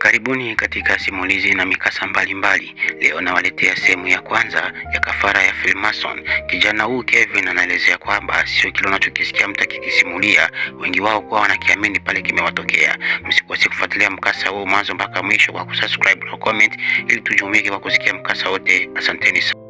Karibuni katika simulizi na mikasa mbalimbali mbali. Leo nawaletea sehemu ya kwanza ya kafara ya Freemason. Kijana huyu Kevin anaelezea kwamba sio kile unachokisikia mtu akikisimulia, wengi wao kwa wanakiamini pale kimewatokea. Msikose kufuatilia mkasa huo mwanzo mpaka mwisho kwa kusubscribe na comment, ili tujumuike kwa kusikia mkasa wote. Asanteni sana.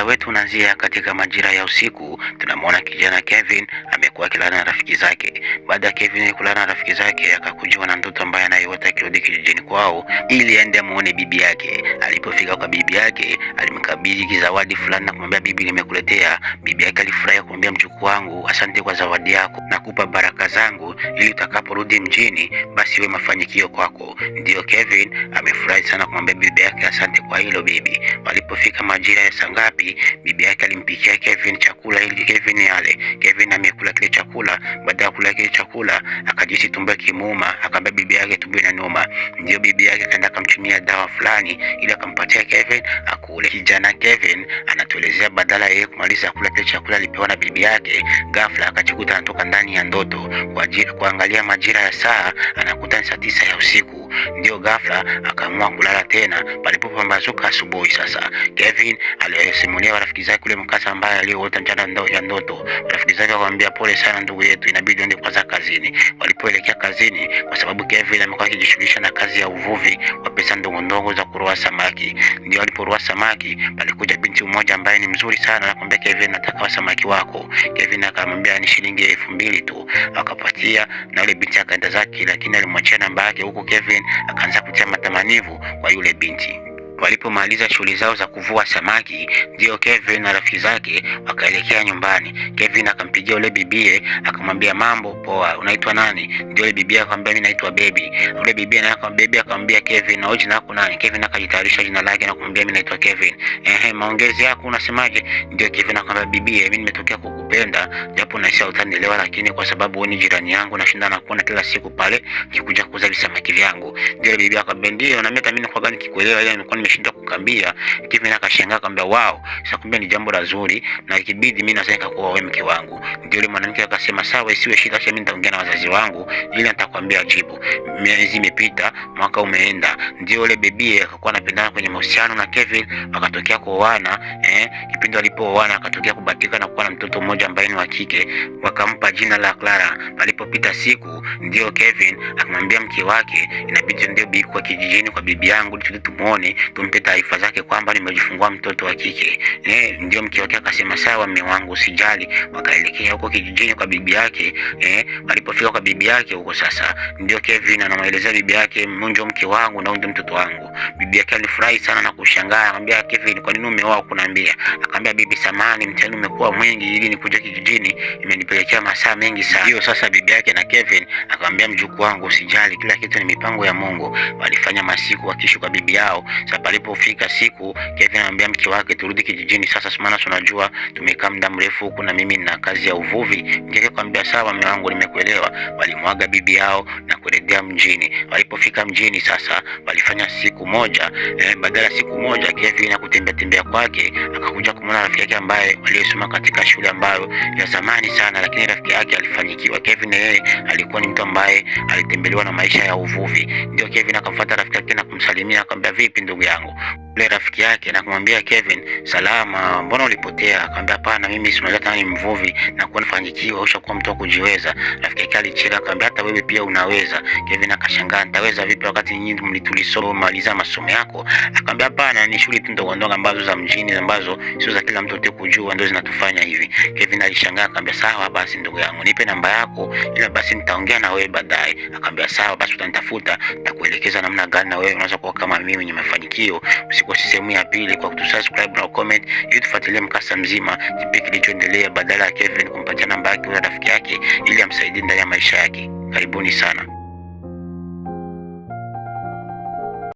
Ukurasa wetu unaanzia katika majira ya usiku. Tunamwona kijana Kevin amekuwa akilala na rafiki zake. Baada ya Kevin kulala na rafiki zake, akakujiwa na ndoto ambaye anayeota akirudi kijijini kwao ili aende amuone bibi yake. Alipofika kwa bibi yake, alimkabidhi kizawadi fulani na kumwambia bibi, nimekuletea. Bibi yake alifurahi kumwambia, mjukuu wangu, asante kwa zawadi yako, nakupa baraka zangu ili utakaporudi mjini basi iwe mafanikio kwako. Ndiyo, Kevin amefurahi sana kumwambia bibi yake asante kwa hilo bibi. Walipofika majira ya saa ngapi nyingi. Bibi yake alimpikia Kevin chakula ili Kevin yale. Kevin amekula kile chakula. Baada ya kula kile chakula, akajisi tumbo kimuuma, akamwambia bibi yake tumbo inaniuma. Ndio bibi yake akaenda akamtumia dawa fulani ili akampatia Kevin akule. Kijana Kevin anatuelezea badala yeye kumaliza kula kile chakula alipewa na bibi yake, ghafla akajikuta anatoka ndani ya ndoto kwa ajili kuangalia majira ya saa, anakuta ni saa tisa ya usiku. Ndio ghafla akaamua kulala tena palipopambazuka asubuhi. Sasa Kevin alisimulia rafiki zake kule mkasa ambaye aliyoota mchana ndo ya ndoto. Rafiki zake akamwambia pole sana ndugu yetu, inabidi uende kwanza kazini. Walipoelekea kazini, kwa sababu Kevin amekuwa akijishughulisha na kazi ya uvuvi kwa pesa ndogo ndogo za kuroa samaki, ndio aliporoa samaki palikuja binti mmoja ambaye ni mzuri sana, akamwambia Kevin, nataka wa samaki wako. Kevin akamwambia ni shilingi elfu mbili tu, akapatia na yule binti akaenda zake, lakini alimwachia namba yake huko Kevin Jane akaanza kutia matamanivu kwa yule binti. Walipomaliza shughuli zao za kuvua samaki, ndio Kevin na rafiki zake wakaelekea nyumbani. Kevin akampigia yule bibie akamwambia, mambo poa, unaitwa nani? Ndio yule bibie akamwambia, mimi naitwa Baby. Yule bibie naye akamwambia, Baby akamwambia Kevin, na jina lako nani? Kevin akajitayarisha jina lake na kumwambia, mimi naitwa Kevin. Ehe, maongezi yako unasemaje? Ndio Kevin akamwambia, bibie, mimi nimetokea kuku kupenda, japo naisha utanielewa, lakini kwa sababu ni jirani yangu, nashinda nakuona kila siku pale nikikuja kuuza visamaki vyangu. Ndio bibi akamwambia ndio, na mimi tamini kwa gani kikuelewa, ila nilikuwa nimeshindwa kukambia kivi. Na kashangaa akamwambia wao, sasa kumbe ni jambo la zuri, na ikibidi mimi nasema kwa wewe mke wangu. Ndio yule mwanamke akasema sawa, isiwe shida, sasa mimi nitaongea na wazazi wangu ili nitakwambia jibu. Miezi imepita, mwaka umeenda, ndio yule bibi akakuwa anapendana kwenye mahusiano na Kevin, akatokea kuoana. Eh, kipindi walipooana akatokea kubatika na kuwa na mtoto mmoja mmoja ambaye ni wa kike, wakampa jina la Clara. Palipopita siku, ndio Kevin akamwambia mke wake, inabidi ndio bi kwa kijijini kwa bibi yangu tuje tumuone, tumpe taarifa zake kwamba nimejifungua mtoto wa kike. Eh, ndio mke wake akasema sawa, mume wangu, usijali. Wakaelekea huko kijijini kwa bibi yake. Eh, walipofika kwa bibi yake huko sasa, ndio Kevin anamwelezea bibi yake, mmoja mke wangu na ndio mtoto wangu. Bibi yake alifurahi sana na kushangaa, akamwambia Kevin, kwa nini umeoa? Kunaambia, akamwambia bibi, samani mtani umekuwa mwingi ili niku kuja kijijini imenipelekea masaa mengi sana. Hiyo sasa bibi yake na Kevin akamwambia mjukuu wangu, usijali, kila kitu ni mipango ya Mungu. Walifanya masiku wakishu kwa bibi yao. Sasa palipofika siku, Kevin anamwambia mke wake, turudi kijijini sasa, maana tunajua tumekaa muda mrefu huku na mimi nina kazi ya uvuvi. Mke wake akamwambia sawa, mume wangu, nimekuelewa. Walimwaga bibi yao na kurejea mjini. Walipofika mjini sasa, walifanya siku moja eh, badala ya siku moja Kevin akutembea tembea kwake, akakuja kumwona rafiki yake ambaye aliyesoma katika shule ambayo ambayo ya zamani sana, lakini rafiki yake alifanikiwa. Kevin yeye alikuwa ni mtu ambaye alitembelewa na maisha ya uvuvi, ndio Kevin akamfuata rafiki yake na kumsalimia, akamwambia vipi ndugu yangu ule rafiki yake na kumwambia Kevin, salama, mbona ulipotea? Akamwambia hapana, mimi si unajua ni mvuvi na kuwa nafanikiwa, usha kuwa mtu kujiweza. Rafiki yake alicheka, akamwambia hata wewe pia unaweza. Kevin akashangaa, nitaweza vipi wakati nyinyi mlitulisoma maliza masomo yako? Akamwambia hapana, ni shughuli tu ndogo ndogo ambazo za mjini ambazo sio za kila mtu tu kujua, ndio zinatufanya hivi Kevin hivi nalishangaa. Akaambia sawa basi, ndugu yangu, nipe namba yako, ila basi nitaongea na wewe baadaye. Akaambia sawa basi, utanitafuta nitakuelekeza namna gani na wewe unaweza kuwa kama mimi mwenye mafanikio. Usikose sehemu ya pili kwa kutusubscribe na comment, ili tufuatilie mkasa mzima, kipi kilichoendelea, badala ya Kevin kumpatia namba yake rafiki yake ili amsaidie ndani ya maisha yake. Karibuni sana.